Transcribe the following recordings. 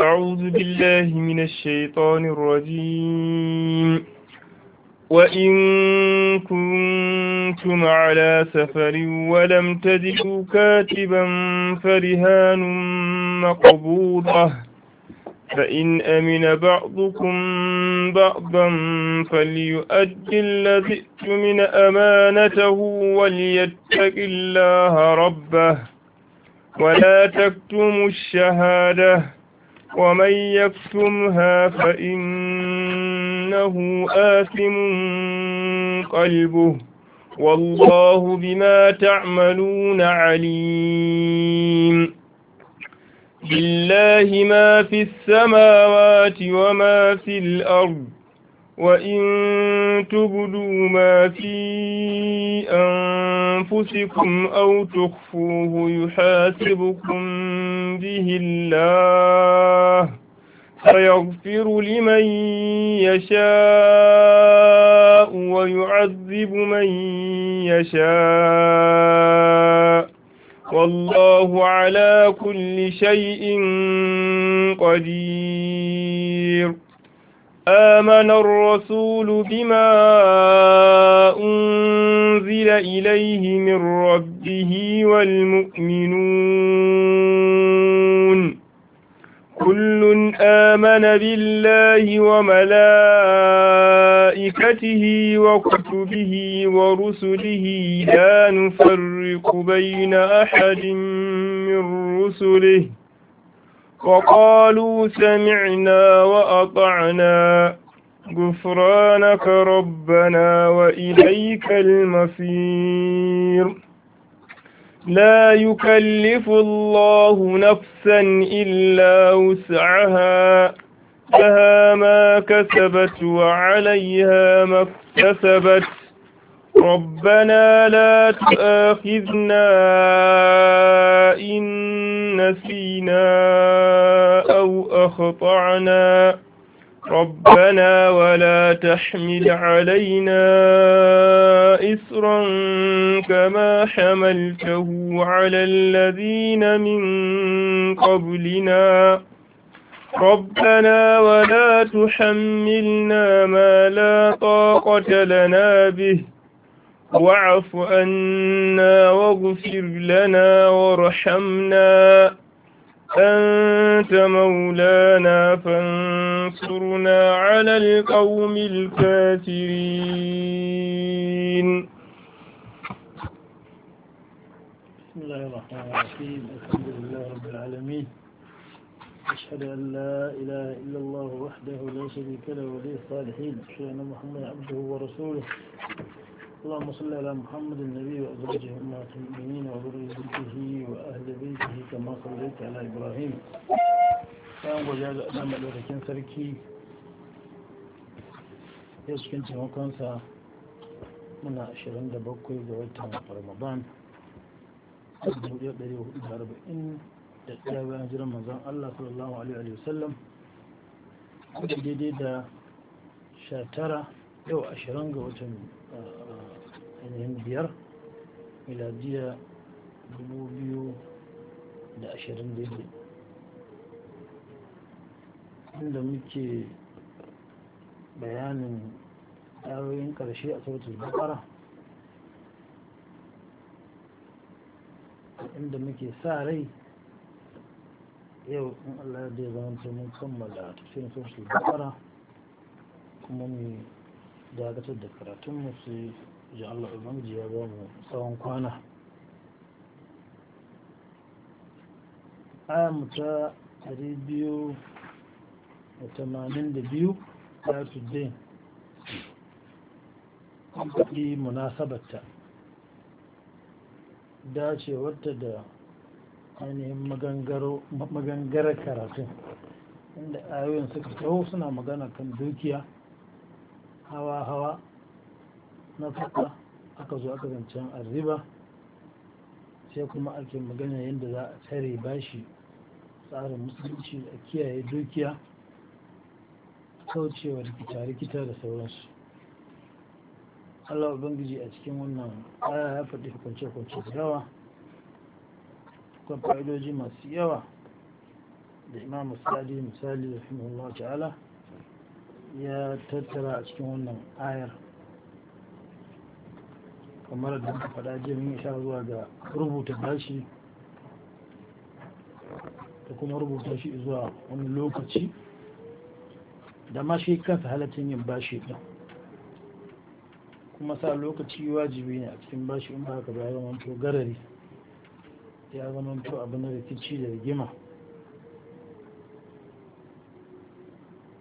أعوذ بالله من الشيطان الرجيم وإن كنتم على سفر ولم تجدوا كاتبا فرهان مقبوضة فإن أمن بعضكم بعضا فليؤدي الذي من أمانته وليتق الله ربه ولا تكتموا الشهادة ومن يكتمها فإنه آثم قلبه والله بما تعملون عليم لله ما في السماوات وما في الأرض وإن تبدوا ما في أنفسكم أو تخفوه يحاسبكم به الله فيغفر لمن يشاء ويعذب من يشاء والله على كل شيء قدير آمن الرسول بما أنزل إليه من ربه والمؤمنون كل آمن بالله وملائكته وكتبه ورسله لا نفرق بين أحد من رسله وقالوا سمعنا وأطعنا غفرانك ربنا وإليك المصير لا يكلف الله نفسا إلا وسعها لها ما كسبت وعليها ما اكتسبت ربنا لا تؤاخذنا إن نسينا أو أخطعنا ربنا ولا تحمل علينا إسرا كما حملته على الذين من قبلنا ربنا ولا تحملنا ما لا طاقة لنا به واعف عنا واغفر لنا وارحمنا أنت مولانا فانصرنا على القوم الكافرين بسم الله الرحمن الرحيم الحمد لله رب العالمين أشهد أن لا إله إلا الله وحده لا شريك له ولي الصالحين أشهد أن محمدا عبده ورسوله اللهم صل على محمد النبي وأزواجه أمهات المؤمنين وذريته وأهل بيته كما صليت على إبراهيم كان وجاء أمام الأركين سركي يسكن تمكنسا من أشهرين دبقوا يزويتهم في رمضان أجل يقدر يهود أربعين تتابع هجر رمضان الله صلى الله عليه وسلم daidai da sha tara yau ashirin ga watan ainihin biyar miladiya dubu biyu da ashirin daidai inda muke bayanin ayoyin karshe a sautin bakara inda muke sa rai yau in allah da ya zama mun kammala tafsirin sautin bakara kuma mai dakatar da karatun sai ji Allah ubangiji ya ba mu tsawon kwana ayamu ta 282 ta tudde an faɗi munasabarta dacewarta da ainihin magangarar karatun inda ayoyin suka taho suna magana kan dukiya hawa-hawa na fuka aka zo aka zancen arziba sai kuma ake magana yadda za a tare bashi tsarin musulunci a kiyaye dukiya kaucewa rikita-rikita da sauransu Allah Ubangiji a cikin wannan aya ya faɗi hukunce kwanci da yawa kwan fa'idoji masu yawa da masu sadi misali da fi ta'ala ya tattara a cikin wannan ayar kamar da muka faɗa jiya mun isa zuwa ga rubuta bashi da kuma rubuta shi zuwa wani lokaci da ma shi kansa halatin yin bashi ɗin kuma sa lokaci wajibi ne a cikin bashi in ba haka ba ya zama to garari ya zama to abu na rikici da rigima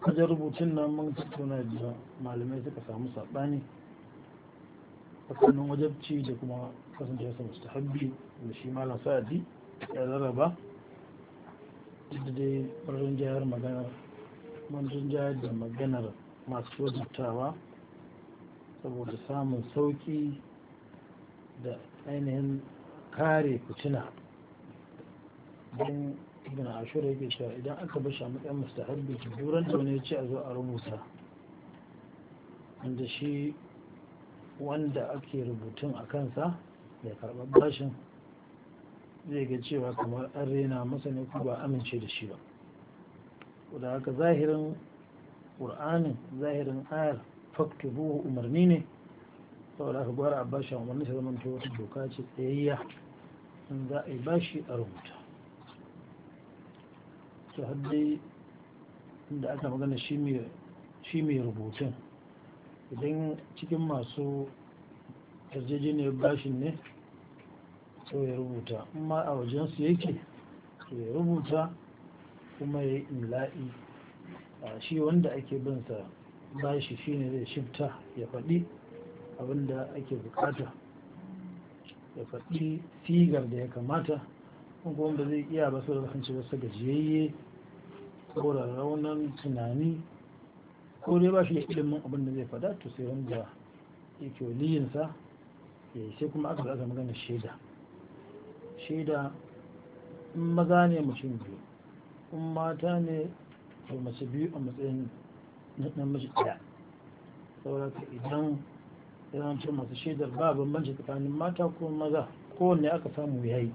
kajar rubutun nan mun tattauna da malamai suka samu saɓani tsakanin wajabci da kuma Kasancewa sa mustahabbi da shi malam sa'adi ya rarraba da dai marin jayar maganar marin jayar da maganar masu wajabtawa saboda samun sauki da ainihin kare fitina don ibn ashura yake cewa idan aka bashi a matsayin mustahabbi duran tauni ya ce a zo a rubuta wanda shi wanda ake rubutun a kansa ya karɓa bashin zai ga cewa kamar an rena masa ne ba amince da shi ba da haka zahirin ƙur'anin zahirin ayar faktubu umarni ne saboda haka gwara a bashi umarni sai zama ta wata doka ce tsayayya in za a yi bashi a rubuta to haddai inda aka magana shi mai rubutun idan cikin masu yarjejeniyar bashin ne so ya rubuta amma a wajen su yake so ya rubuta kuma ya yi imla'i a shi wanda ake binsa bashi shi ne zai shifta ya faɗi abinda ake bukata ya faɗi sigar da ya kamata kuma wanda zai iya ba su da kasance wasu gajiyayye ko da raunin tunani ko dai ba shi da ilimin abin da zai fada to sai wanda yake waliyinsa ya eh, yi sai kuma aka zaga magana shaida shaida in maza ne mutum biyu in mata ne to mace biyu a matsayin na mace ɗaya sauraka idan yawancin masu shaidar ba bambanci tsakanin mata ko maza kowanne aka samu ya yi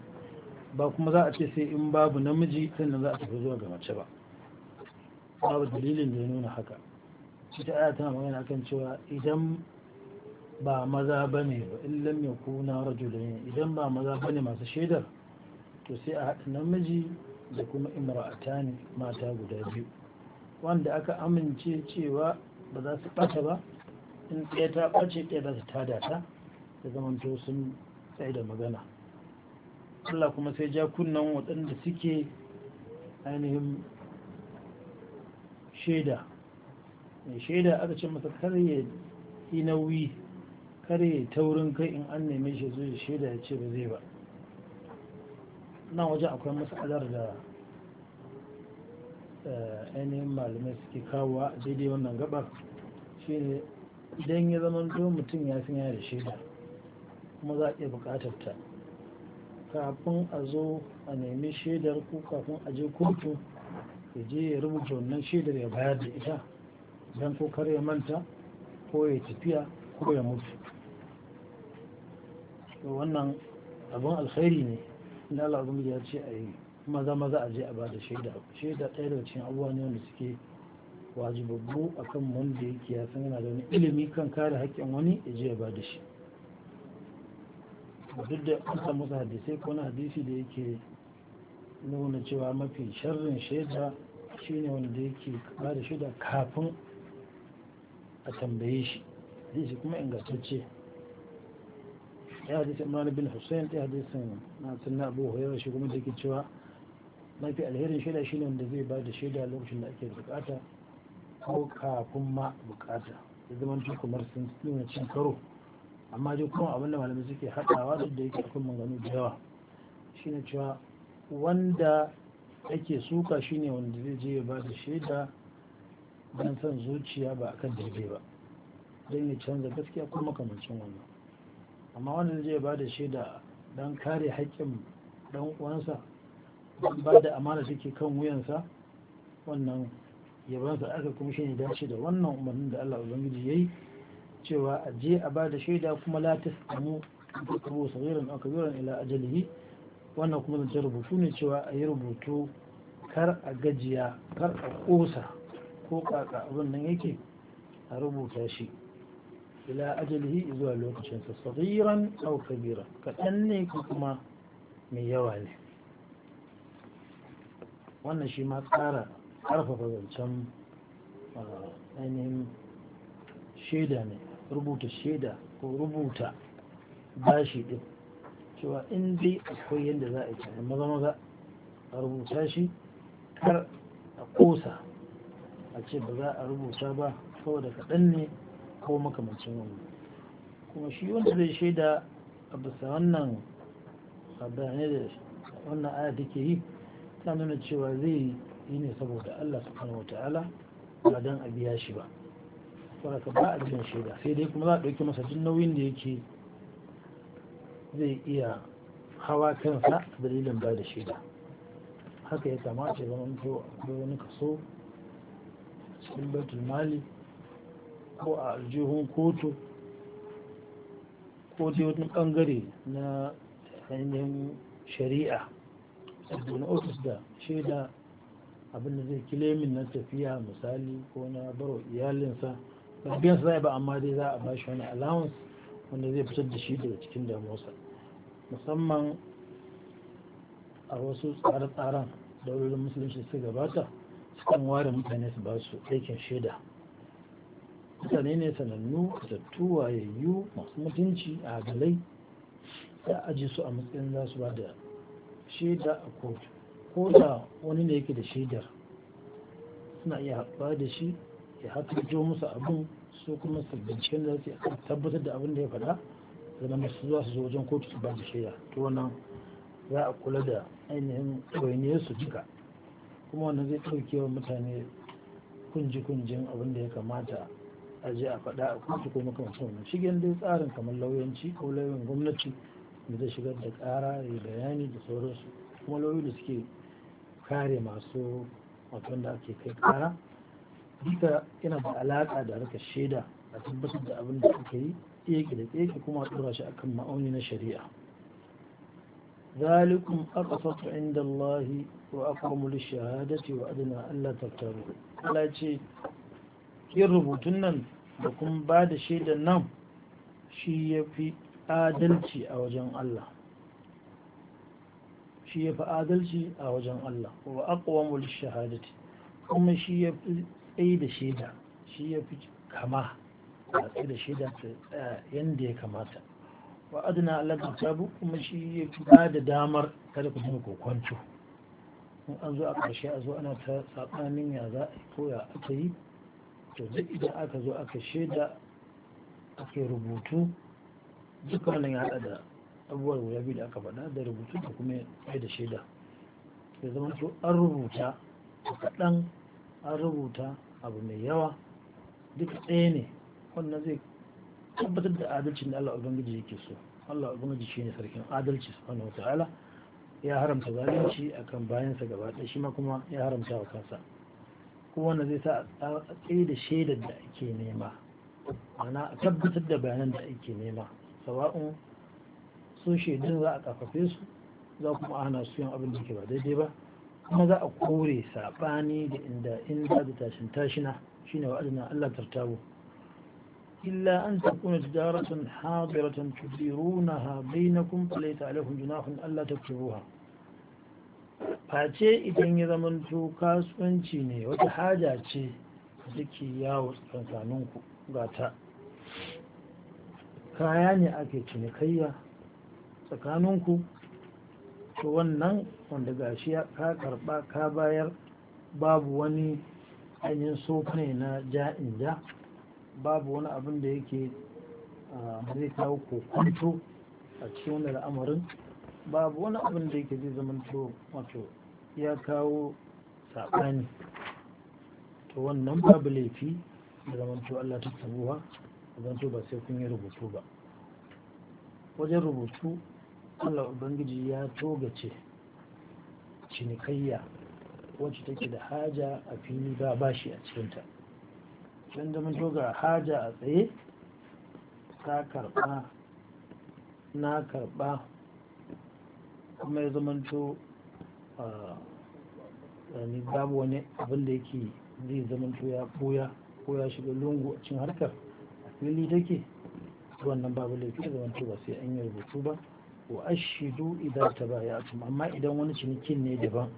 ba kuma za a ce sai in babu namiji sannan za a tafi zuwa ga mace ba babu dalilin da ya nuna haka cikin aya tana magana kan cewa idan ba maza ba ne ba illan ya kuna rajulain idan ba maza bane masu shaidar to sai a haɗa namiji da kuma imra'ata ne mata guda biyu wanda aka amince cewa ba za su ɓata ba in ɗaya ta ɓace ɗaya za su tada ta da zamanto sun tsaye da magana Allah kuma sai ja kunnan waɗanda suke ainihin shaida mai shaida aka ce masa kar ya yi nauyi kar ya taurin kai in an neme shi zuwa shaida ya ce ba zai ba nan wajen akwai matsalar da eh, ainihin malamai suke kawo daidai wannan gabar shi ne idan ya zama to mutum ya fi da shaida kuma za a iya bukatar ta kafin a zo a nemi shaidar ko kafin a je kotu ya je ya rubuta wannan shaidar ya bayar da ita don ko kar ya manta ko ya tafiya ko ya mutu to wannan abin alkhairi ne inda Allah ya ce a yi maza maza a je a ba da shaida shaida ɗaya daga cikin abuwa ne wanda suke wajibabbu akan wanda yake ya san yana da wani ilimi kan kare haƙƙin wani ya je ya ba da shi duk da an samu hadisai ko na hadisi da yake nuna cewa mafi sharrin shaida shine wanda yake ba da shaida kafin a tambaye shi hadisi kuma ingantacce ya hadisi imran bin hussein ya hadisin na sunna abu hurairar shi kuma da cewa mafi alherin shaida shi ne wanda zai ba da shaida lokacin da ake bukata ko kafin ma bukata da zama ta kamar sun nuna cin karo amma dai kuma abin da malamai suke haɗawa da yake akwai maganganu da yawa shi ne cewa wanda ake suka shi ne wanda zai je ya ba da shaida ban san zuciya ba a kan daidai ba don ya canza gaskiya kuma makamancin wannan amma wannan zai ba da shaida don kare haƙƙin ɗan uwansa don ba da amana take kan wuyansa wannan yabansa aka kuma shi dace da wannan umarnin da Allah Ubangiji ya yi cewa a je a ba da shaida kuma la da samu sagiran aka ila ajalihi wannan kuma zance rubutu ne cewa a yi rubutu kar a gajiya kar a kosa. ko kaka abin nan yake a rubuta shi ila ajalihi zuwa lokacinsa sagiran au kabira kaɗan ne ko kuma mai yawa ne wannan shi ma tsara ƙarfafa zancen ainihin shaida ne rubuta shaida ko rubuta bashi ɗin cewa in dai akwai yadda za a yi maza maza a rubuta shi kar a ƙusa. a ce ba za a rubuta ba saboda kaɗan ne ko makamancin wani kuma shi wanda zai shaida a bisa wannan bayanai da wannan aya take yi ta nuna cewa zai yi ne saboda Allah subhanahu wata'ala ba don a biya shi ba saboda ba a biyan shaida sai dai kuma za a ɗauki masa jin nauyin da yake zai iya hawa kansa dalilin ba da shaida haka ya kamata ya zama wani kaso cikin mali ko a aljihun kotu ko dai wani bangare na ainihin shari'a abu na da shaida abinda zai kilemin na tafiya misali ko na baro iyalinsa ba sa ba amma dai za a ba shi wani allowance wanda zai fitar da shi daga cikin damuwarsa musamman a wasu tsare-tsaren daular musulunci su gabata sukan ware mutane su ba su aikin shaida mutane ne sanannu ya wayayyu masu mutunci a galai ya aji su a matsayin za su ba da shaida a kotu ko da wani ne yake da shaidar suna iya haɓa da shi ya jo musu abin su kuma su binciken da su tabbatar da abin da ya faɗa zama masu zuwa su zo wajen kotu su ba da shaida to wannan za a kula da ainihin ɗawainiyar su jika kuma wanda zai ɗauke wa mutane kunji-kunjin abin da ya kamata a je a faɗa a kotu ko makamancin wannan shigen dai tsarin kamar lauyanci ko lauyan gwamnati da zai shigar da ƙara da bayani da sauransu kuma lauyoyi da suke kare masu wato da ake kai ƙara duka yana da alaƙa da harkar shaida a tabbatar da abin da aka yi tseke da ɗaya kuma a ɗora shi akan ma'auni na shari'a ذلكم أقصط عند الله وأقرم للشهادة وأدنى ألا تبتغوا ألا ce yin rubutun nan da kuma ba da shaidan nan shi ya fi adalci a wajen Allah shi ya fi kuma shi ya fi tsaye da shaida shi ya fi kama a tsaye da shaida yadda ya kamata wa adana Allah sabu kuma shi ya ba da damar kada ku dinga kokwanto in an zo a ƙarshe a zo ana ta saɓanin ya za a ko ya aka yi to duk idan aka zo aka shaida ake rubutu duka wannan ya haɗa da abubuwar wuya biyu da aka faɗa da rubutu da kuma ya da shaida ya zama to an rubuta kaɗan an rubuta abu mai yawa duka ɗaya ne wannan zai tabbatar da adalcin da Allah ubangiji yake so Allah ubangiji shine sarkin adalci subhanahu wataala ya haramta zalunci akan bayansa gaba ɗaya shi ma kuma ya haramta wa kansa kuma wanda zai sa a tsaye da shaidar da ake nema ana tabbatar da bayanan da ake nema sawa'un su shaidun za a kafafe su za kuma ana su yin abin da ke ba daidai ba kuma za a kore saɓani da inda inda da tashin tashina shine wa'adina Allah tartabo إلا أن تكون تجارة حاضرة تديرونها بينكم فليس عليكم جناح ألا تكتبوها فأتي idan ya zamanto kasuwanci ne wata haja ce suke yawo tsakankaninku ga ta kaya ne ake cinikayya tsakaninku to wannan wanda gashi ka karba ka bayar babu wani ainihin sokane na na ja'in ja babu wani abin da yake zai kawo kokonto a cikin wani al'amarin babu wani abin da yake zai zamanto wato ya kawo saɓani to wannan babu laifi da zamanto Allah ta tabuwa zamanto ba sai kun yi rubutu ba wajen rubutu Allah Ubangiji ya togace cinikayya wacce take da haja a fili ba bashi a cikinta can da mun ga haja a tsaye ta karba na karba kuma ya zamanto ni babu wani abin da yake zai zamanto ya koya ko ya shiga lungu a cin harkar a fili take wannan babu laifi da zamanto ba sai an yi rubutu ba wa ashidu idan ta ba ya baya amma idan wani cinikin ne daban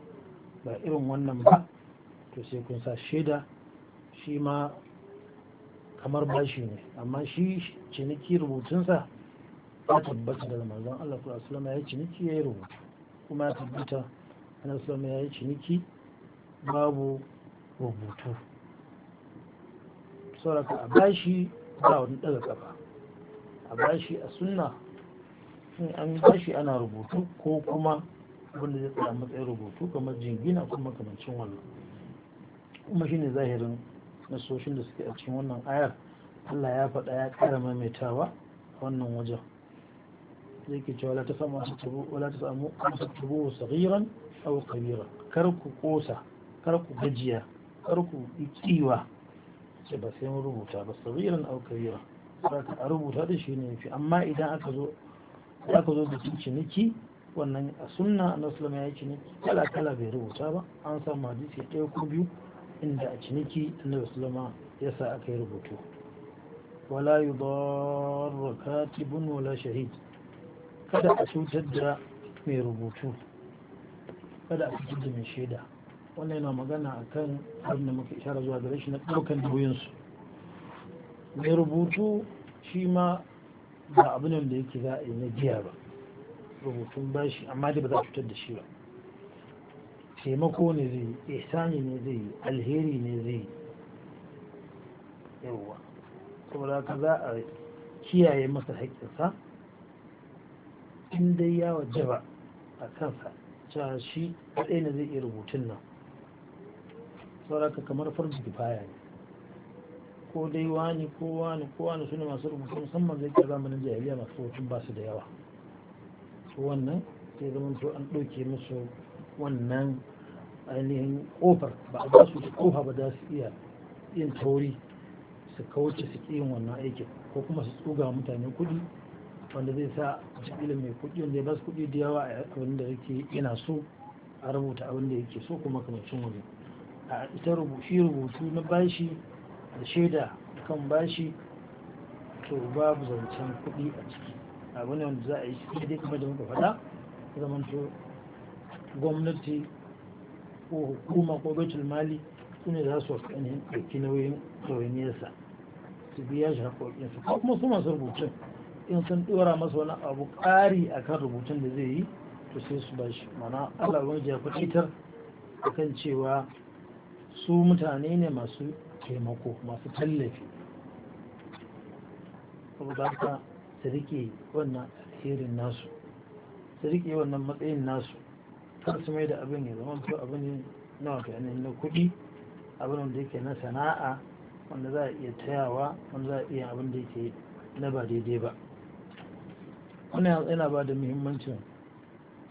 ba irin wannan ba to sai kun sa shaida shi ma kamar bashi ne amma shi ciniki rubutunsa ya tabbata daga manzon Allah sallallahu ya yi ciniki ya yi rubutu kuma ya tabbata annabi sallallahu ya yi ciniki babu rubutu sauraka a bashi ba wani daga kafa a bashi a sunna in an bashi ana rubutu ko kuma wanda zai tsaya matsayin rubutu kamar jingina kuma kamancin wannan kuma shine zahirin nasoshin da suke a cikin wannan ayar Allah ya faɗa ya ƙara maimaitawa a wannan wajen zai ke cewa lati samu wala ta samu amsa wa sagiran aw kabira kar ku kosa kar ku gajiya kar ku tsiwa sai ba sai mun rubuta ba sagiran aw kabira saka a rubuta da shi ne fi amma idan aka zo aka zo da ciniki wannan a sunna annabi sallallahu alaihi wasallam ya yi ciniki kala kala bai rubuta ba an samu hadisi ɗaya ko biyu inda a ciniki annabi sallama ya sa aka yi rubutu wala yi ba katibun wala shahid kada a cutar da mai rubutu kada a cutar da mai shaida wannan yana magana a kan abin da muka ishara zuwa gare shi na ɗaukan nauyinsu mai rubutu shi ma ba abin da yake za a yi na jiya ba rubutun bashi amma da ba za a cutar da shi ba taimako ne zai yi ihsani ne zai yi alheri ne zai yi yawwa saboda ka za a kiyaye masa haƙƙinsa in dai ya waje ba, a kansa cewa shi kaɗai ne zai iya rubutun nan saboda ka kamar farji baya ne ko dai wani ko wani ko wani su ne masu rubutu musamman zai kira zamanin jahiliya masu rubutun ba su da yawa wannan sai zama to an ɗauke musu wannan ainihin kofar ba a ba su kofa ba za su iya yin tauri su kauce su yin wannan aikin ko kuma su tsoga mutane kuɗi wanda zai sa a mai kuɗi wanda ya ba su kuɗi da yawa a abin da yake yana so a rubuta abin da yake so kuma kamar cin wani a ita rubuci rubutu na bashi da shaida kan bashi to babu zancen kuɗi a ciki abu ne wanda za a yi shi dai kuma da muka faɗa zamanto to gwamnati ko hukuma ko baitul mali su ne za su wasu ainihin ɗauki nauyin ɗawainiyarsa su biya shi haƙoƙinsu ko kuma su masu rubutun in sun ɗora masa wani abu ƙari a kan rubutun da zai yi to sai su ba shi mana allah wani ya fitar a kan cewa su mutane ne masu taimako masu tallafi saboda haka riƙe wannan alherin nasu riƙe wannan matsayin nasu kar su mai da abin ya zama to abin na na kuɗi abin da yake na sana'a wanda za a iya tayawa wanda za a iya abin da yake na ba daidai ba wani yana ba da muhimmancin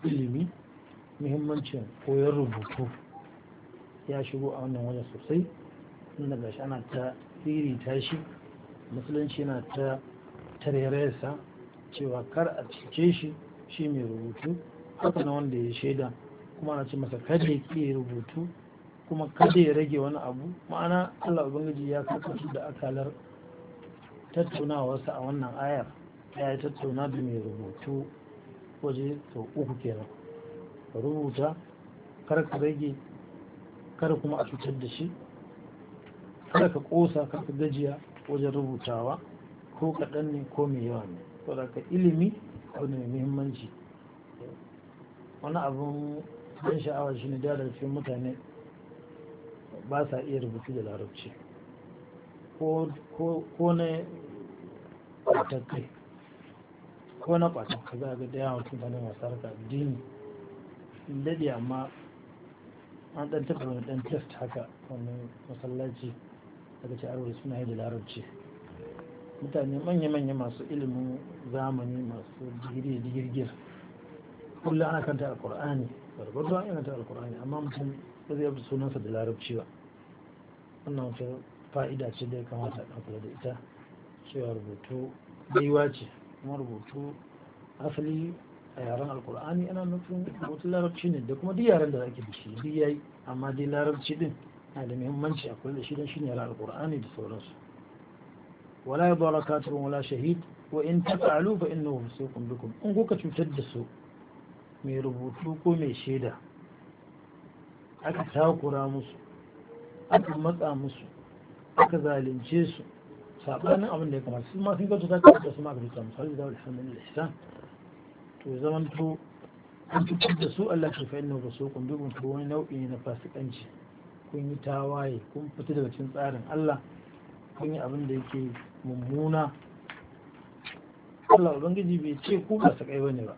ilimi muhimmancin koyon rubutu ya shigo a wannan wajen sosai inda gashi ana ta tsiri tashi musulunci na ta tareresa cewa kar a cike shi shi mai rubutu haka na wanda ya shaida kuma ana ce masa kada ya ke rubutu kuma kada ya rage wani abu ma'ana Allah ubangiji ya karkasu da akalar tattaunawarsa a wannan ayar ya yi tattauna da mai rubutu waje sau uku kenan rubuta kar ka rage kar kuma a cutar da shi kar ka kosa kar ka gajiya wajen rubutawa ko kaɗan ne ko mai yawa ne saboda ka ilimi abu ne mai muhimmanci wani abin ban sha'awa shi ne da cikin mutane ba sa iya rubutu da larabci ko na kwatakai ko na kwatakai za ga daya mutum ne masu harka dini daɗi amma an ɗan tafi wani ɗan test haka wani masallaci daga ce arwai suna yi da larabci mutane manya-manya masu ilimin zamani masu digiri-digirgir kullum ana kanta a ƙur'ani gwargwado an inganta alkur'ani amma mutum ba zai sunansa da larabci ba wannan fi fa'ida ce da ya kamata a kula da ita cewa rubutu baiwa ce kuma rubutu asali a yaren alkur'ani ana nufin rubutun larabci ne da kuma duk yaren da ake da shi duk yayi amma dai larabci din na da muhimmanci a kula da shi don shi ne yaren alkur'ani da sauransu wala ya bala wala shahid wa in tafa'alu fa innahu fasiqun bikum in kuka cutar da su mai rubutu ko mai shaida aka takura musu aka matsa musu aka zalunce su sabanin abin da ya kamata su ma sun gato ta kawo su ma aka fita musu halittu da alhamdulillah ihsan to zaman to an fito da su Allah ke fa'in na basu kun dubin ko wani nau'i na fasikanci kun yi tawaye kun fita daga cikin tsarin Allah kun yi abin da yake mummuna Allah Ubangiji bai ce ku ba su kai bane ba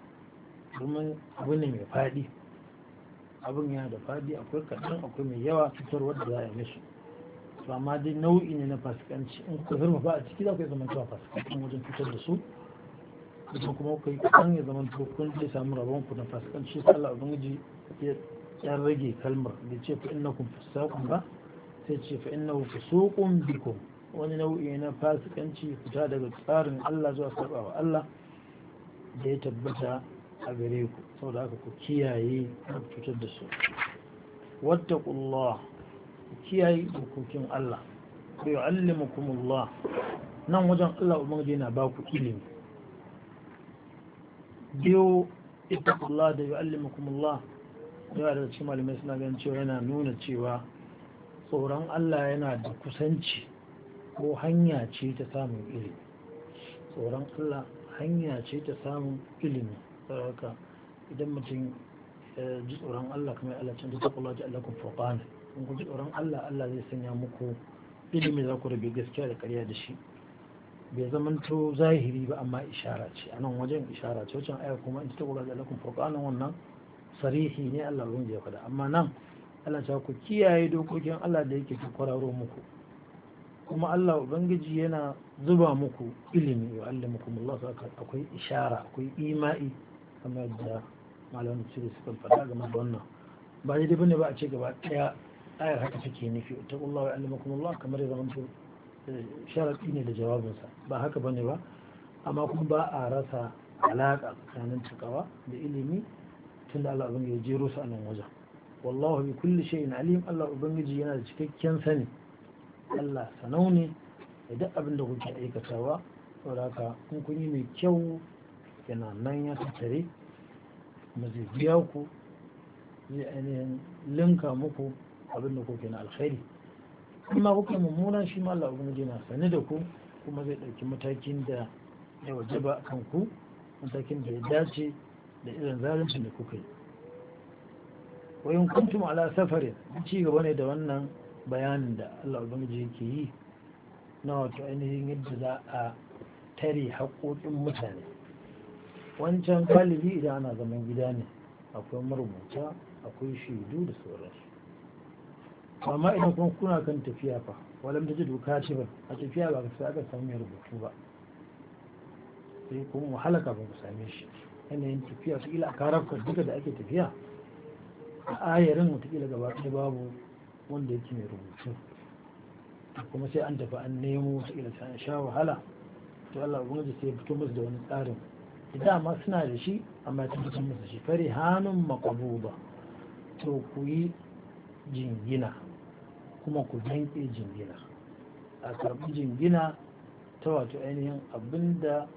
domin abu ne mai faɗi abin yana da faɗi akwai kaɗan akwai mai yawa cutar wadda za a yi mishi to amma dai nau'i ne na fasikanci in kuka zurma ba a ciki za ku yi zamantowa fasikanci wajen cutar da su kuma kuma ku yi kaɗan ya zamanto kun je samu rabon ku na fasikanci sai Allah ubangiji ya yan rage kalmar bai ce fa innakum fasakun ba sai ce fa innahu fusuqun bikum wani nau'i na fasikanci fita daga tsarin Allah zuwa sabawa Allah da ya tabbata a gare ku saboda aka ku kiyaye ku cutar da su wattaqullah ku kiyaye hukukin Allah ku allah nan wajen Allah ubangiji yana ba ku ilimi ita ittaqullah da yu'allimukumullah yawa da cikin malamai suna ganin cewa yana nuna cewa tsoron Allah yana da kusanci ko hanya ce ta samun ilimi tsoron Allah hanya ce ta samun ilimi haka idan mutum ji tsoron Allah kamar Allah can ta takwallo ji Allah kun furqana in ku ji tsoron Allah Allah zai sanya muku ilimi za ku rabe gaskiya da karya da shi bai zamanto zahiri ba amma ishara ce a nan wajen ishara ce wajen aya kuma in ta takwallo ji Allah wannan sarihi ne Allah ruwan ya faɗa amma nan Allah ta ku kiyaye dokokin Allah da yake ku kwararo muku kuma Allah Ubangiji yana zuba muku ilimi wa Allah akwai ishara akwai ima'i kamar yadda malamin sirri suka faɗa game da wannan ba dai bane ba a ce gaba ɗaya ayar haka take nufi taqullahu wa Allah kamar ya zamanto eh, sharadi ne da jawabinsa ba haka bane ba amma kuma ba a rasa alaƙa tsakanin cikawa da ilimi tun da Allah ubangiji jero su a nan wajen wallahu bi kulli shay'in alim Allah ubangiji yana da cikakken sani Allah sanau ne da duk abin da kuke aikatawa saboda haka in kun yi mai kyau yana nan ya tattare kuma zai biya ku zai ainihin linka muku abin da kuke na alkhairi kuma kuka mummuna shi ma Allah ubangiji na sani da ku kuma zai ɗauki matakin da ya waje ba a ku matakin da ya dace da irin zalunci da kuka yi wayin kuntum ala safarin ci gaba ne da wannan bayanin da Allah ubangiji yake yi na wato ainihin yadda za a tare haƙoƙin mutane wancan galibi idan ana zaman gida ne akwai marubuta akwai shaidu da sauransu amma idan kuma kuna kan tafiya fa walam ta ji doka ce ba a tafiya ba aka samu rubutu ba sai kuma wahala ba ku same shi yanayin tafiya su ila karafka duka da ake tafiya a ayarin watakila gaba ɗaya babu wanda yake mai rubutu kuma sai an tafi an nemo watakila an sha wahala to Allah ubangiji sai fito masu da wani tsarin ma suna da shi amma ta cikin musu shi fari hannun ba to ku yi jingina kuma ku danƙe jingina a karɓi jingina ta wato ainihin abinda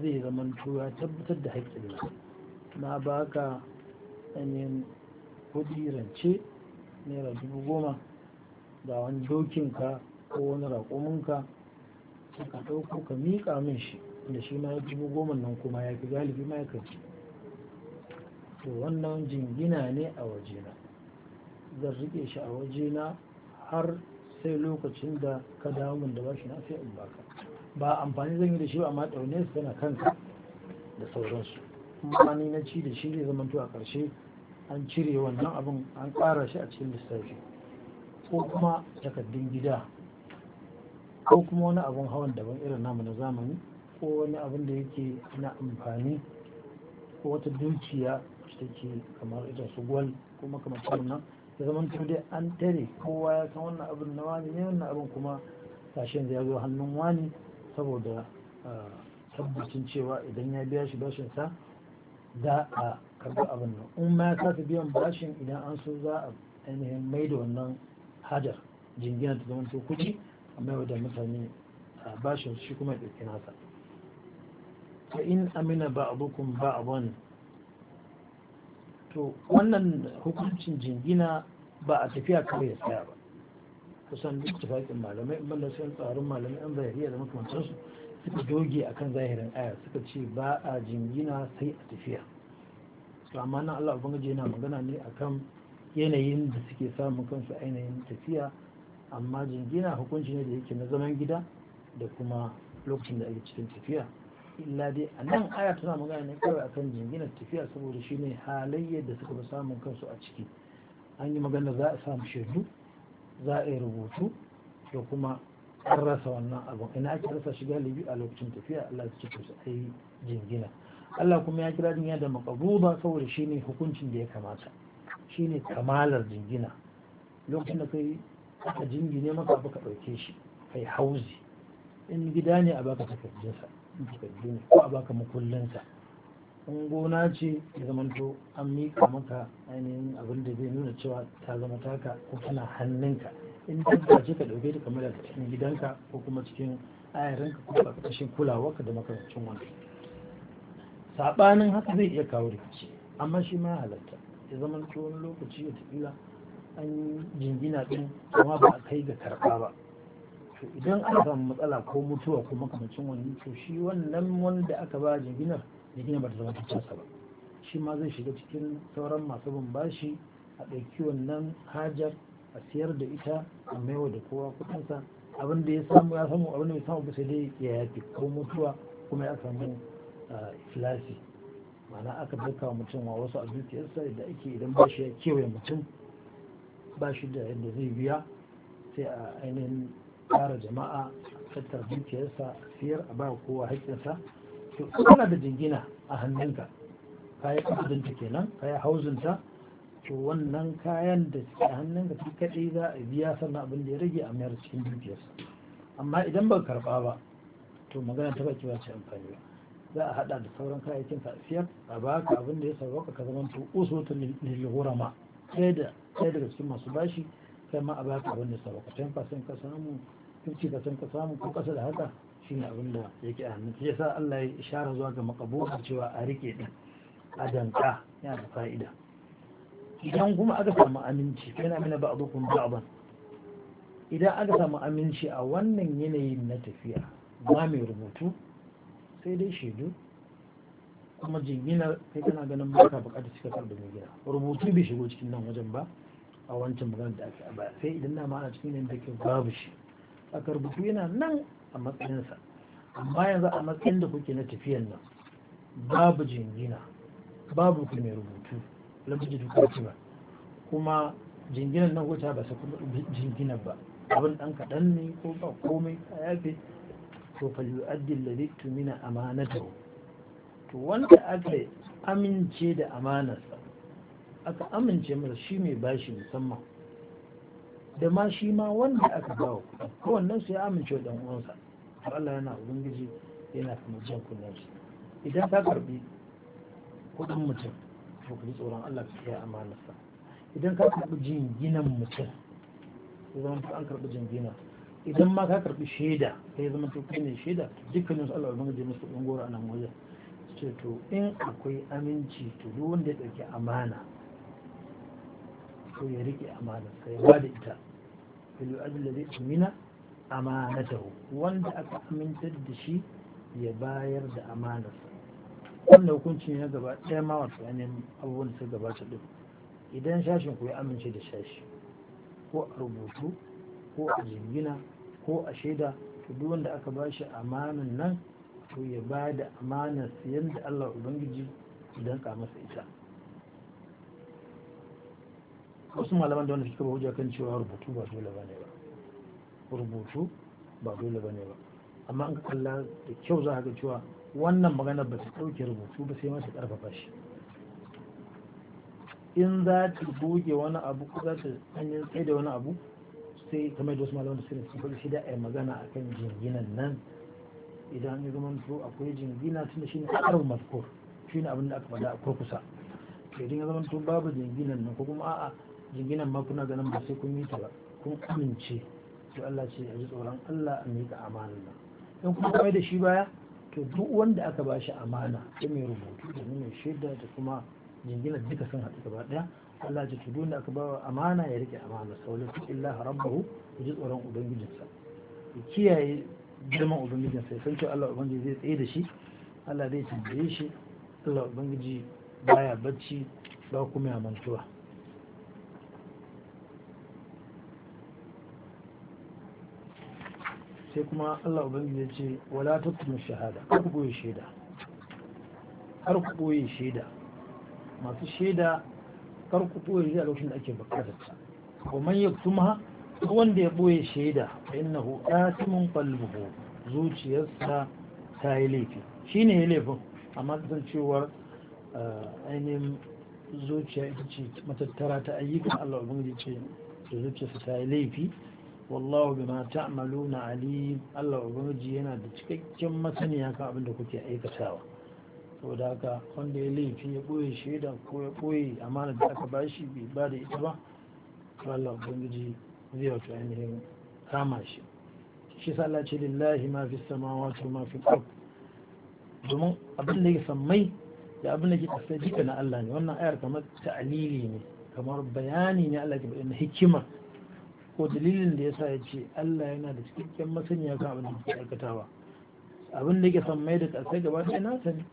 zai zama ya tabbatar da haƙƙin na na baka ainihin kuɗi rance naira dubu goma ba wani dokinka ko wani raƙominka ka ɗauko ka miƙa min shi da shi ma dubu goma nan kuma ya fi galibi ma ya kanci to wannan jingina ne a wajena zan rike shi a wajena har sai lokacin da ka dawo min da bashi na sai in baka ba amfani zan yi da shi ba amma ɗaune su tana kanka da sauransu amma ni na ci da shi zai zama a ƙarshe an cire wannan abin an ƙara shi a cikin lissafi ko kuma takardun gida ko kuma wani abin hawan daban irin namu na zamani ko wani abin da yake na amfani ko wata dukiya da ke kamar ita su gwal kuma kamar wannan zaman tun dai an tare kowa ya san wannan abin na wani ne wannan abin kuma tashin da ya zo hannun wani saboda ah, tabbacin cewa idan ya biya shi bashin sa za a karɓi abin nan in ma ya kasa biyan bashin idan an so za a ainihin mai da wannan hajar jingina ta zaman to kuɗi a mai da mutane ah, bashin shi kuma ya ɗauki nasa fa in amina ba'dukum ba'dan to wannan hukuncin jingina ba a tafiya kawai ya tsaya ba kusan duk tufaƙin malamai in banda sun tsarin malamai an zahiriya da makamancinsu suka doge akan zahirin aya suka ce ba a jingina sai a tafiya to amma nan Allah yana magana ne akan yanayin da suke samun kansu a yanayin tafiya amma jingina hukunci ne da yake na zaman gida da kuma lokacin da ake cikin tafiya illa dai a nan aya tana magana ne kawai akan jinginar tafiya saboda shi ne halayyar da suka fi samun kansu a ciki an yi magana za a samu shaidu za a yi rubutu da kuma an rasa wannan abin ina ake rasa shiga libi a lokacin tafiya Allah ya cikin su a yi jingina Allah kuma ya kira jinya da makabuba saboda shi ne hukuncin da ya kamata shi ne kamalar jingina lokacin da kai aka jingine maka abu ka ɗauke shi kai hauzi in gida ne a baka sa. jidaddu ne ko a baka makullinsa in gona ce ya zamanto an miƙa maka ainihin abin da zai nuna cewa ta zama taka ko tana hannunka in dabba ce ka ɗauke ta kamar da cikin gidanka ko kuma cikin ayarinka ko a ƙarƙashin kulawarka da makamancin wani saɓanin haka zai iya kawo rikici amma shi ma halatta ya zama wani lokaci ya tafiya an jingina ɗin kuma ba a kai ga karɓa ba to idan aka samu matsala ko mutuwa ko makamacin wani to shi wannan wanda aka ba jinginar jinginar ba ta zama tattasa ba shi ma zai shiga cikin sauran masu bin bashi a ɗauki wannan hajar a siyar da ita a maiwa da kowa kuɗinsa abin da ya samu ya samu abin da ya samu ba sai dai ya yafi ko mutuwa kuma ya samu filasi ma'ana aka daka wa mutum wa wasu azuciyarsa da ake idan bashi ya kewaye mutum bashi da yadda zai biya sai a ainihin tsara jama'a tattar dukiyarsa siyar a ba kowa haƙƙinsa to kana da jingina a hannunka kayan kudinta kenan kayan hauzinta to wannan kayan da suke a hannunka su kaɗai za a biya sannan abin da ya rage a mayar cikin dukiyarsa amma idan ba karɓa ba to magana ta baki ba ce amfani ba za a haɗa da sauran kayayyakin ka siyar a baka abin da ya sauka ka zama to usutun lilhurama sai da sai daga cikin masu bashi sai ma a baka abin da ya sauka 10% ka samu ce ka san ka samu ko kasa da haka shi ne abin da yake a hannun ya sa Allah ya ishara zuwa ga makabuwa cewa a rike ɗin a danka yana da fa'ida idan kuma aka samu aminci yana mina ba abokan ba'aban idan aka samu aminci a wannan yanayin na tafiya ba mai rubutu sai dai shaidu kuma jingina kai kana ganin baka ka bukatar cika karɓar mai gida rubutu bai shigo cikin nan wajen ba a wancan magana da aka ba sai idan na ma'ana cikin yadda ke babu shi a rubutu yana nan a matsayinsa amma yanzu a matsayin da kuke na tafiyan nan babu jingina babu ku mai rubutu lambaji dukaci ba kuma jinginan nan wuta ba su kuma jingina ba abin dan kaɗan ne ko ba komai a yafe to falyu addin lalittu mina amanatahu to wanda aka amince da amanarsa aka amince masa shi mai bashi musamman da ma shi ma wanda aka bawa ko wannan su ya amince da uwansa har Allah yana ubangiji yana kuma jin kunnen shi idan ka karbi kudin mutum to ku tsoron Allah ka kai amanarsa idan ka karbi jinginan mutum idan ka an karbi jingina idan ma ka karbi shaida kai zama to kai ne shaida dukkanin su Allah ubangiji musu gora anan wajen ce to in akwai aminci to duk wanda ya dauki amana to ya rike amana sai ba da ita فليؤدي الذي أمن aka وند da shi ya bayar da أمانته wannan hukunci na gaba ɗaya ma wasu yanayin abubuwan da suka gabata ɗin idan shashin ku ya amince da shashi ko a rubutu ko a jingina ko a shaida to duk wanda aka ba shi amanan nan to ya ba da amanar yadda Allah Ubangiji idan ka masa ita wasu malaman da wanda suka ba hujja kan cewa rubutu ba dole bane ba rubutu ba dole bane ba amma an kalla da kyau za ga cewa wannan magana ba su ɗauke rubutu ba sai masu ƙarfafa shi in za ta goge wani abu ko za ta hanyar tsaye da wani abu sai kamar da wasu malaman da suka suka shi da a magana a kan jinginan nan idan ya zama to akwai jingina suna shi ne akarar mazkur shi ne abin da aka faɗa a kurkusa idan ya zama to babu jinginan nan ko kuma a'a jinginan ma kuna ganin ba sai kun yi ta ba kun amince to Allah ce a tsoron Allah a miƙa amana nan in kuma kai da shi baya to duk wanda aka ba shi amana ta mai rubutu da mai shaida da kuma jinginar duka sun haɗu gaba ɗaya Allah ce to duk aka ba amana ya rike amana saboda su Allah rabbahu ya ji tsoron ubangijinsa ya kiyaye girman ubangijinsa ya san cewa Allah ubangiji zai tsaye da shi Allah zai tambaye shi Allah ubangiji baya bacci ba kuma ya mantuwa sai kuma Allah ubangiji ya ce wala tattumu shahada har ku boye shaida har ku boye shaida masu shaida kar ku boye shaida lokacin da ake bukatar ta kuma ya kuma wanda ya boye shaida fa innahu asimun qalbuhu zuciyarsa ta yi laifi shine ya laifin amma zan cewa eh, ainihin zuciya ita ce matattara ta ayyukan Allah ubangiji ce da zuciyarsa ta yi laifi wallahu bima ta'maluna alim Allah ubangiji yana da cikakken masaniya kan abin da kuke aikatawa saboda haka wanda ya laifi ya boye shaida ko ya boye amana da aka bashi bai ba da ita ba to Allah ubangiji zai wato ainihin kama shi shi sa Allah ce lillahi ma fi samawati ma fi ard domin abin da ya sammai da abin da ke kasai duka na Allah ne wannan ayar kamar ta'alili ne kamar bayani ne Allah ke bayyana hikima ko dalilin da ya sa ya ce Allah yana da cikakken masaniya kan abin da ke aikatawa abin da ke mai da ƙasa gaba ɗaya na sani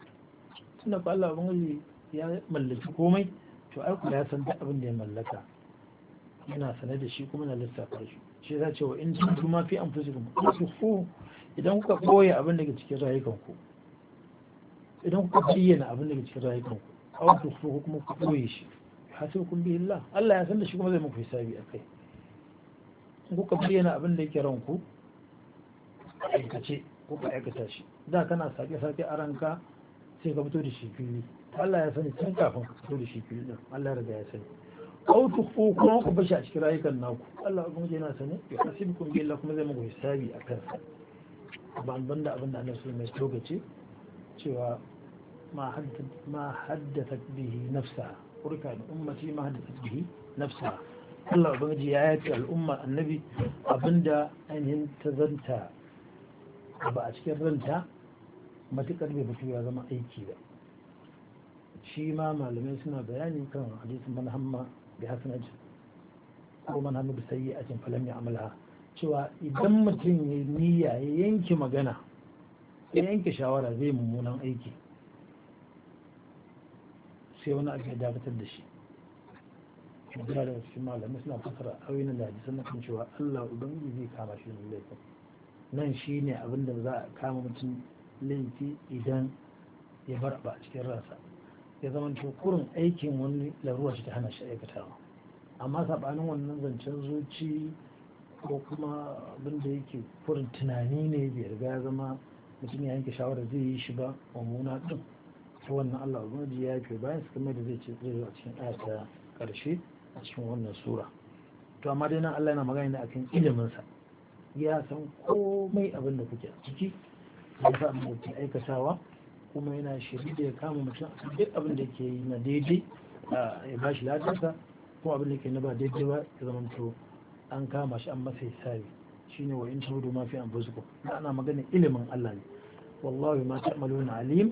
tunda ko Allah ubangiji ya mallaki komai to ai ya san duk abin da ya mallaka yana sane da shi kuma na lissafa shi shi ce wa in tuntu ma fi su ku idan kuka koya abin da ke cikin rayukanku idan kuka bayyana abin da ke cikin rayukanku aw tufu kuma ku koye shi hasibukum bihi Allah Allah ya san da shi kuma zai muku hisabi kai. kuka bayyana abin da yake ranku aikace kuka aikata shi da kana sake-sake a ranka sai ka fito da shi fili Allah ya sani tun kafin ka fito da shi fili din Allah riga ya sani aw tuqu ko ku bashi a cikin rayukan naku Allah ubun yana sani ya hasibukum billah kuma zai muku hisabi a kansa ban banda abin da Allah mai lokaci cewa ma haddathat ma haddathat bihi nafsa urka ummati ma haddathat bihi nafsa Allah ubangiji ya yaki al'umma annabi abinda ainihin ta zanta ba a cikin ranta matuƙar bai mutu ya zama aiki ba shi ma malamai suna bayani kan hadisin manhamma hamma da ko manhamma da sayi a cikin falam ya amala cewa idan mutum ya niyya ya yanke magana ya yanke shawara zai mummunan aiki sai wani ake ya dakatar da shi jira daga cikin malamai suna fassara ayoyin da hadisan na kan cewa Allah ubangiji zai kama shi ne laifin nan shi ne abin da za a kama mutum laifi idan ya bar ba a cikin ransa ya zama to kurin aikin wani laruwa shi ta hana shi aikatawa amma sabanin wannan zancen zuci ko kuma abin da yake kurin tunani ne bai riga ya zama mutum ya yanke shawara zai yi shi ba mummuna din ta wannan Allah ubangiji ya yi bayan su kamar da zai ce zai a cikin ayata ƙarshe a cikin wannan sura to amma dai nan Allah yana magana ne akan ilimin sa ya san komai abin da kuke ciki ya sa abin da kuke aikatawa kuma yana shirye da ya kama mutum a duk abin da yake yi na daidai ya bashi ladarsa ko abin da yake na ba daidai ba ya zama to an kama shi an masa hisabi shine wa in tawdu ma fi anfusikum ana magana ilimin Allah ne wallahi ma ta'maluna alim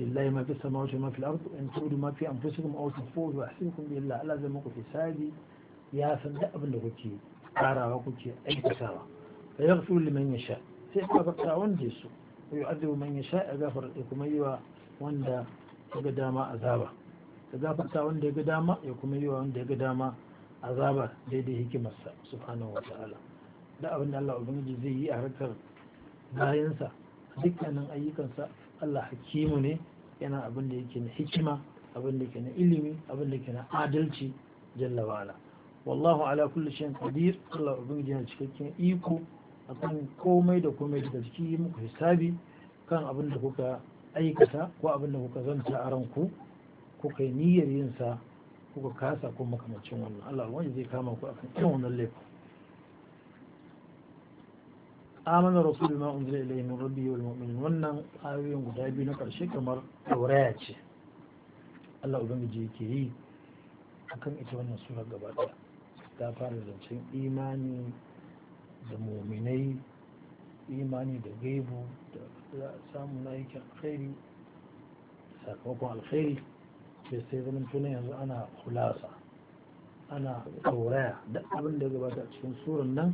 lillahi ma fi samawati wa ma fil ard in tudu ma fi anfusikum aw tukhfuhu yuhsibukum billah Allah zai muku hisabi ya san duk abin da kuke karawa kuke aikatawa fa yaghfiru liman yasha sai ka farta wanda yaso wa yu'adhibu man yasha a gafara kuma yi wa wanda ya ga dama azaba ya gafarta wanda ya ga dama ya kuma yi wa wanda ya ga dama azaba daidai hikimarsa subhanahu wa ta'ala da abin da Allah ubangiji zai yi a harkar bayansa dukkanin ayyukansa Allah hakimu ne yana abin da yake na hikima abin da yake na ilimi abin da yake na adalci jalla wa'ala wallahu ala kulli shay'in qadir Allah ubangiji yana cikakken iko akan komai da komai da ciki muku hisabi kan abin da kuka aikata ko abin da kuka zanta a ranku kuka yi niyyar yin sa kuka kasa ko makamancin wannan Allah wani zai kama ku akan irin wannan laifin amana rasul ma unzila ilayhi min rabbihi wal mu'minin wannan ayoyin guda biyu na karshe kamar tauraya ce Allah ubangiji yake yi akan ita wannan sura gaba ɗaya ta fara zancen imani da muminai imani da gaibu da samu samun aikin alkhairi sakamakon alkhairi sai sai zaman tunan yanzu ana kulasa ana tauraya da abin da gabata cikin suran nan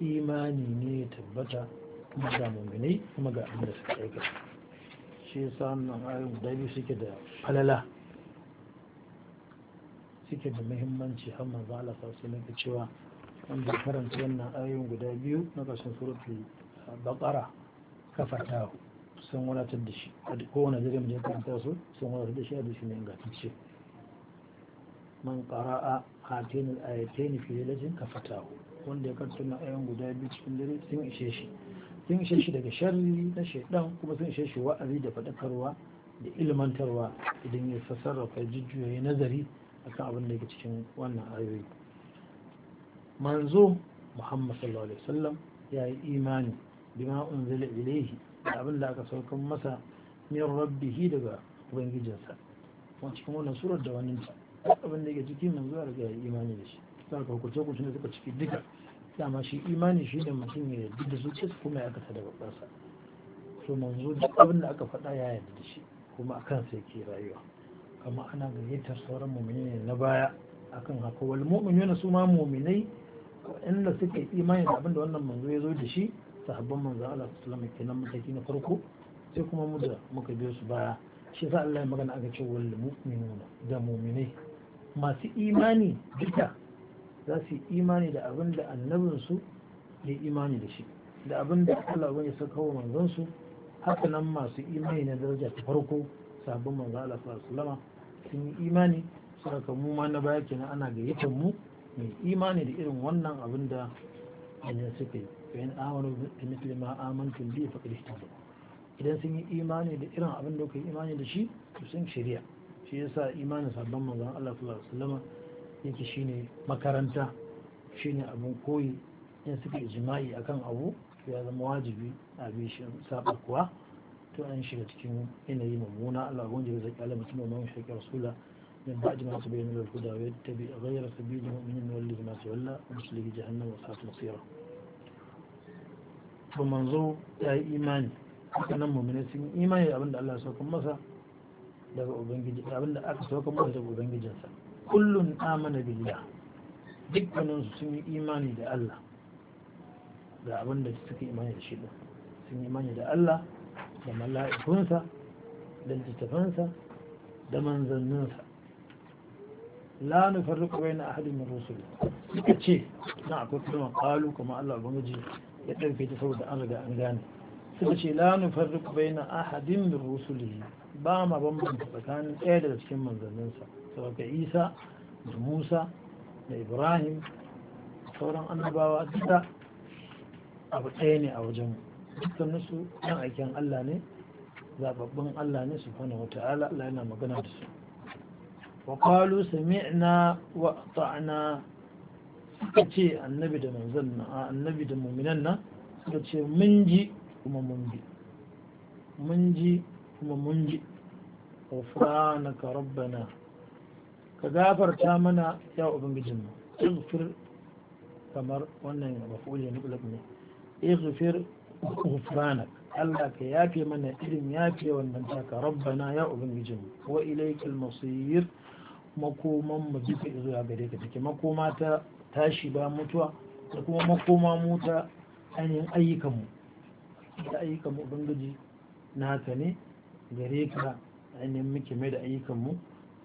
imani ne ya tabbata kuma ga mummunai kuma ga abin da suka aikata shi ya sa wannan guda biyu suke da falala suke da muhimmanci har manzo Allah sallallahu alaihi cewa wanda karanta wannan ayoyin guda biyu na ƙarshen suratul baqara kafatahu sun wadatar da shi kowane jirgin da ya karanta su sun wadatar da shi a da shi ne ingantacce man ƙara'a hatin al'ayatain eh, fi lajin ka fatahu wanda ya karanta na ayan guda biyu cikin dare sun ishe shi sun ishe shi daga sharri na shaidan kuma sun ishe shi wa'azi da faɗakarwa da ilmantarwa idan ya sassarrafa jujjuya ya nazari akan abin da yake cikin wannan ayoyi manzo muhammad sallallahu alaihi wasallam ya yi imani bima unzila ilaihi da abin da aka sauka masa min rabbihi daga ubangijinsa kuma wannan surar da wannan abin da yake cikin nan zuwa ga imani da shi za ka hukuce ku ne suka ciki duka dama shi imani shi ne mutum ya yarda da zuciya kuma ya kasa da babbarsa to manzo duk abin da aka faɗa ya yarda da shi kuma a kansa yake rayuwa kamar ana gayyatar sauran mu'minai na baya akan haka wal na su ma mu'minai inda suka yi imani da abin da wannan manzo ya zo da shi sahabban manzo Allah sallallahu alaihi wasallam mataki na farko sai kuma mu da muka biyo su baya shi sa Allah ya magana aka ce wal mu'minuna da mu'minai masu imani duka za su yi imani da abin da annabinsu ya imani da shi da abin da Allah ya saka wa manzansu haka nan masu imani na daraja ta farko sabon manzan Allah sallallahu sun yi imani ka mu ma na baya kenan ana gayyatar mu mai imani da irin wannan abin da annabi suka yi fa in amanu bi mithli ma amantu bi faqad idan sun yi imani da irin abin da kuka yi imani da shi to sun shari'a shi yasa imanin sabon manzon Allah sallallahu alaihi wasallam yake shine makaranta ne abun koyi in suka jima'i akan abu ya zama wajibi a bi shi saba kuwa to an shiga cikin yanayi mummuna Allah wanda ya zaki Allah mutum mai shi rasula من بعد ما تبين له الهدى ويتبع غير da المؤمن نوليه ما تولى ونصله جهنم وساءت مصيره to manzo ya yi imani nan mummune sun imani abin da Allah ya saukan masa daga ubangiji abin da aka sauka masa daga ubangijinsa kullun amana billah dukkanin sun yi imani da Allah da abin da suka imani da shi sun yi imani da Allah da mala'ikunsa da littattafansa da manzanninsa la nufarriqu bayna ahadin min rusuli suka ce na akwai kuma kalu kuma Allah ubangiji ya ɗauke ta saboda an riga an gane suka ce la nufarriqu baina ahadin min rusulihi ba ma bambanta tsakanin ɗaya daga cikin manzanninsa saboda Isa da Musa da Ibrahim sauran annabawa duka abu ɗaya ne a wajen dukkaninsu ɗan aikin Allah ne zababbin Allah ne su kwana wata'ala Allah yana magana da su wa kwalu sami'na wa ta'ana suka ce annabi da manzan annabi da muminan nan suka ce mun ji kuma mun bi mun ji kuma mun ji ghufranaka rabbana ka gafarta mana ya mu ighfir kamar wannan mafuli ne bulak ne ighfir ghufranak Allah ka yafe mana irin yafe wannan taka rabbana ya ubangijinmu wa yi masir makoman mu duka zuwa gare ka take makoma ta tashi ba mutuwa da kuma makoma mu ta ainihin ayyukanmu da ayyukan mu ubangiji naka ne gare ka ainihin muke mai da ayyukan mu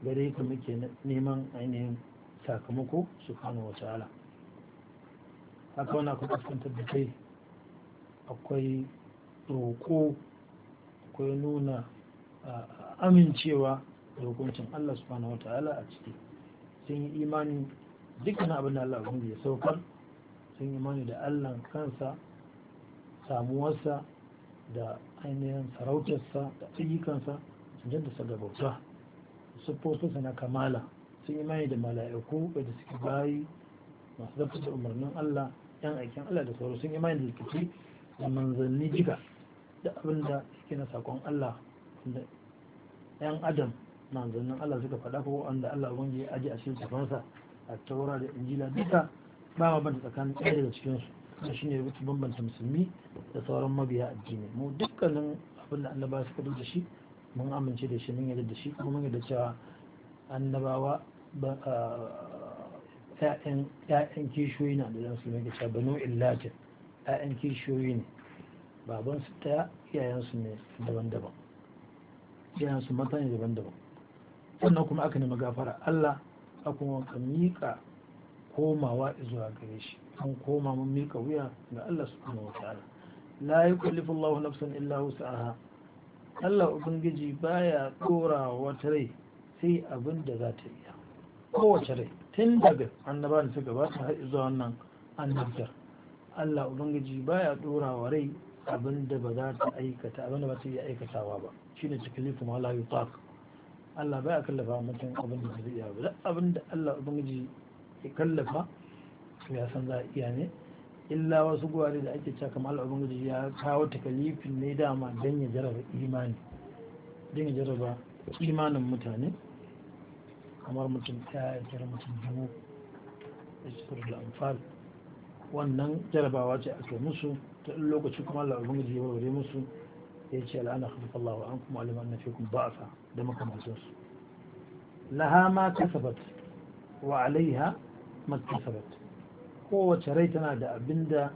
gare ka muke neman ainihin sakamako kano wa ta'ala haka wannan kuma fuskantar da kai akwai roƙo akwai nuna amincewa da hukuncin Allah subhanahu wa ta'ala a ciki sun yi imani dukkan abin da Allah ya saukar sun yi imani da Allah kansa samuwarsa da ainihin sarautarsa da ayyukansa sun da ga bauta siffofinsa na kamala sun yi mai da mala'iku da suke bayi masu zafi da umarnin Allah yan aikin Allah da sauran sun yi mai da likici da manzanni jika da abin da suke na sakon Allah da yan adam manzannin Allah suka faɗa ko wanda Allah wanda ya aji a cikin tafansa a taura da injila duka ba ma banta tsakanin ɗaya daga cikinsu kan shine ne muke bambanta musulmi da sauran mabiya addini mu dukkanin abin da annaba suka da shi mun amince da shi mun yadda da shi kuma mun yadda cewa annabawa ƴaƴan kishiyoyi na da su mai da banu illatin ‘ya'yan kishiyoyi ne su ta iyayensu ne daban-daban iyayensu mata ne daban-daban sannan kuma aka nemi gafara Allah a kuma ka miƙa komawa zuwa gare shi an koma mun mika wuya ga Allah subhanahu wataala la yukallifu Allahu nafsan illa wus'aha Allah ubangiji baya dora wata rai sai abin da za ta iya kowace rai tun daga annabawan su gabata har zuwa wannan annabtar Allah ubangiji baya dora wa rai abin da ba za ta aikata abin da ba ta iya aikatawa ba shine taklifu ma la yutaq Allah baya kallafa mutum abin da zai iya ba abin da Allah ubangiji ya kallafa to ya san za a iya ne illa wasu gwari da ake cewa kamar al'adun ubangiji ya kawo takalifin ne dama don ya jarraba imani don ya jarraba imanin mutane kamar mutum ta ya kira mutum dubu da cikin da amfani wannan jarabawa ce ake musu ta ɗin lokaci kuma al'adun ubangiji ya warware musu ya ce al'ana khafafallah wa an kuma aliman na fikun ba'asa da masu su laha ma kasabat wa alaiha ma kasabat kowace rai tana da abin da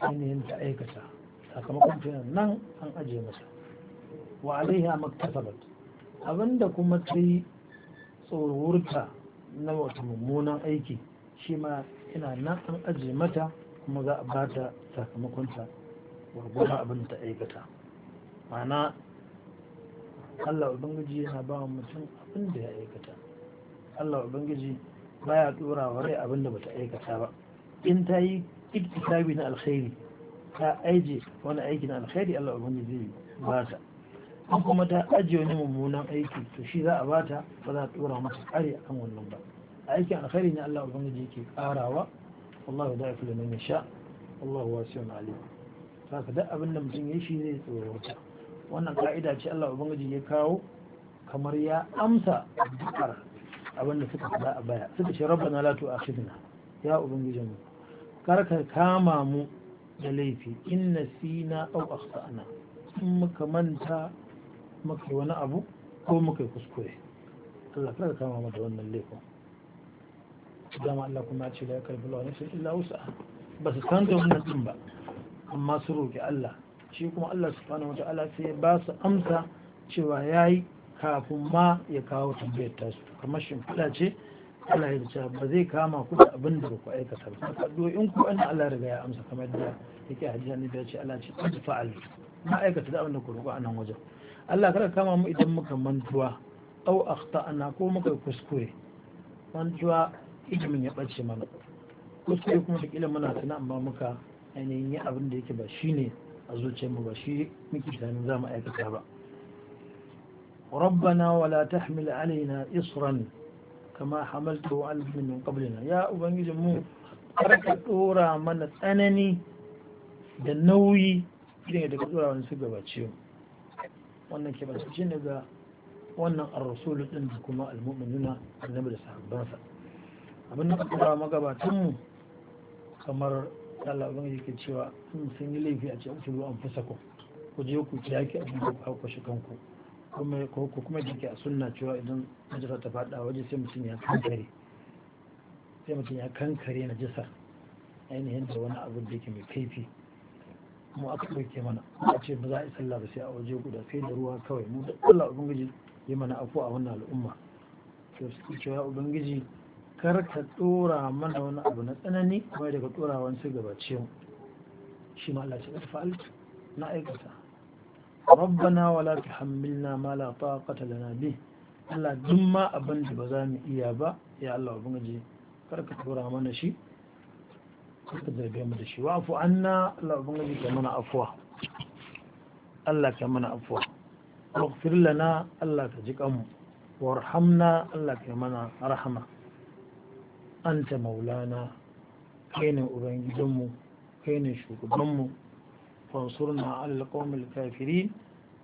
ainihin ta aikata sakamakon tunan nan an aje masa wa alaiha maktasabat abinda kuma ta yi tsorurta na wata mummunan aiki shi ma ina nan an aje mata kuma za a bata ta gwargwadon abin ta aikata mana Allah Ubangiji yana ba mutum abin da ya aikata Allah Ubangiji baya tura wa rai abinda bata aikata ba in ta yi iktisabi na alkhairi ta aije wani aiki na alkhairi Allah ubangiji zai ba ta an kuma ta aje wani mummunan aiki to shi za a bata ba za a tura masa kare akan wannan ba aikin alkhairi ne Allah ubangiji yake karawa wallahu da'ifu liman yasha wallahu wasi'un alim haka duk abin da mutum ya shi zai tsorota wannan ka'ida ce Allah ubangiji ya kawo kamar ya amsa addu'ar abinda suka faɗa a baya suka ce rabba na latu a tu'akhidna ya ubangijin mu kar ka kama mu da laifi in nasina aw saana in muka manta muka wani abu ko muka yi kuskure Allah kar ka kama mu da wannan laifin dama Allah kuma ce la yakalbu wa illa wusa ba su san da wannan din ba amma su roƙi Allah shi kuma Allah subhanahu wa ta'ala sai ya ba su amsa cewa yayi kafin ma ya kawo tambayar tasu kamar shimfiɗa ce Allah ya cewa ba zai kama ku da abin da ku aikata ba in ku an Allah riga ya amsa kamar da yake hadisi ne da ce Allah ce qad fa'al ma aikata da abin da ku roƙo a nan wajen Allah kada kama mu idan muka mantuwa au akhta'na ko muka kuskure mantuwa mun ya bace mana kuskure kuma da kila muna tana amma muka ainihin yi abin da yake ba shine a zuciyarmu ba shi muke tunanin za mu aikata ba ربنا ولا تحمل علينا إصرا كما حملته على من ya يا أبنجي مو karka dora mana tsanani da nauyi idan da ka dora wani su gabace wannan ke basu cin daga wannan ar-rasul din da kuma al-mu'minuna annabi da sahabbansa abin da kuma magabatan mu kamar Allah ban yake cewa sun yi laifi a cikin ku an fusa ku ku je ku kiyaki abin da ku hakushi kanku ko kuma jike a sunna cewa idan najasa ta faɗa waje sai mutum ya kankare sai mutum ya kankare najasa ainihin da wani abu da yake mai kaifi mu aka ɗauke mana a ce ba za a yi sallah ba sai a waje guda sai da ruwa kawai mu da Allah ubangiji ya mana afu a wannan al'umma to suke cewa ubangiji kar ka tsora mana wani abu na tsanani kuma daga tsora wani su gabace mu shi ma Allah ce fa'altu na aikata rabbana wala tuhammilna ma la taqata lana bi Allah duk ma abin da ba za mu iya ba ya Allah ubangiji kar karka tura mana shi karka ka zarge mu da shi wa afu anna Allah ubangiji ka mana afwa Allah ka mana afwa waghfir lana Allah ka ji kanmu warhamna Allah ka mana rahama anta maulana kai ne ubangijinmu kai ne shugabanmu fansurna alal qawmil kafirin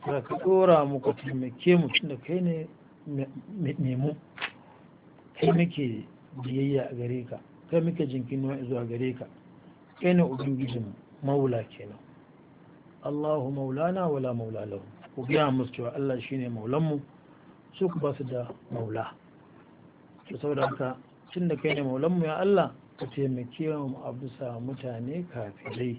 da ka dora mu ka taimake mu tunda kai ne mai mu kai muke biyayya a gare ka kai muke jinkinuwa zuwa gare ka kai ne ubangijin maula kenan Allahu maulana wala maula lahu ku biya musu cewa Allah shine maulan mu su ku ba su da maula to saboda haka da kai ne maulan ya Allah ka taimake mu a bisa mutane kafirai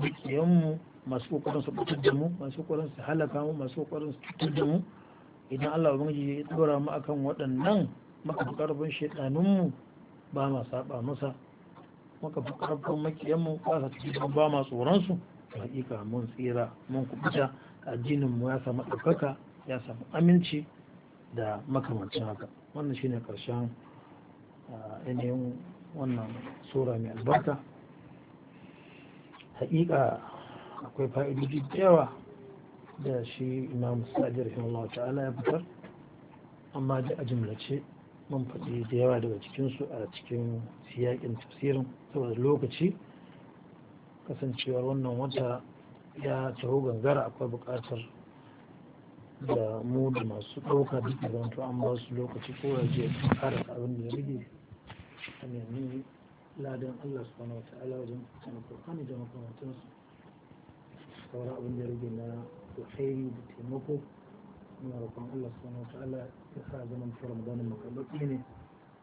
makiyanmu masu kokarin su fitar da mu masu kokarin su halaka mu masu kokarin su fitar da mu idan Allah ubangiji ya dora mu akan waɗannan maka fi karfin shaidanunmu ba ma saba masa maka fi karfin makiyanmu ba sa cikin ba ma tsoronsu hakika mun tsira mun kubuta addinin mu ya samu ɗaukaka ya samu aminci da makamancin haka wannan shine karshen ah, ne wannan sura mai albarka haƙiƙa akwai fa'idodi da yawa da shi imam sa'adar Allah ta'ala ya fitar amma da a jimlace mun faɗi da yawa daga cikinsu a cikin siyaƙin tafsirin saboda lokaci kasancewar wannan wata ya taho gangara akwai buƙatar da mu da masu ɗauka duk da an ba su lokaci ko ya je ƙara abin da ya rage a لادن الله سبحانه وتعالى وجمع كان القرآن جمع كما تنص وراء بن جريد الله وحيد تنقب من ربما الله سبحانه وتعالى يخاذ من في رمضان المقابل كيني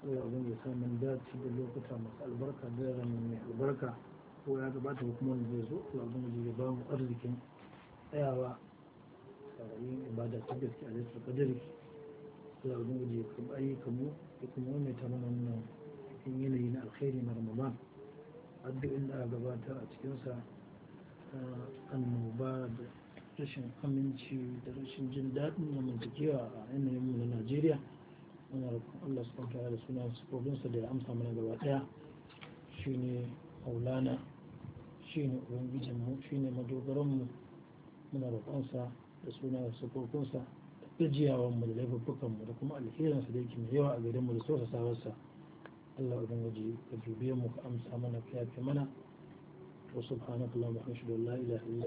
الله أظن يسان من ذات شد اللي وقتها مساء البركة دائرة من نحو البركة هو يعد بعد وكمون الجيزو الله أظن يجي يبام أرضك أيها سارعين إبادة تبتك عليك القدرك الله أظن يجي يكب أيكم يكمون يتمنى منه cikin yanayi na alkhairi na ramadan addu'in da gabatar a cikinsa annoba da rashin aminci da rashin jin daɗin zamantakewa a yanayin mu na najeriya muna roƙon allah su kwanta da suna sufofinsa da ya amsa mana gaba ɗaya shine maulana shine ubangijinmu shine madogaranmu muna roƙonsa da suna sufofinsa gajiyawanmu da mu da kuma alherinsa da yake mai yawa a mu da sosa sabarsa. Allah ubangiji ka dube mu ka amsa mana ka yafe mana wa subhanaka allahumma wa bihamdika la ilaha illa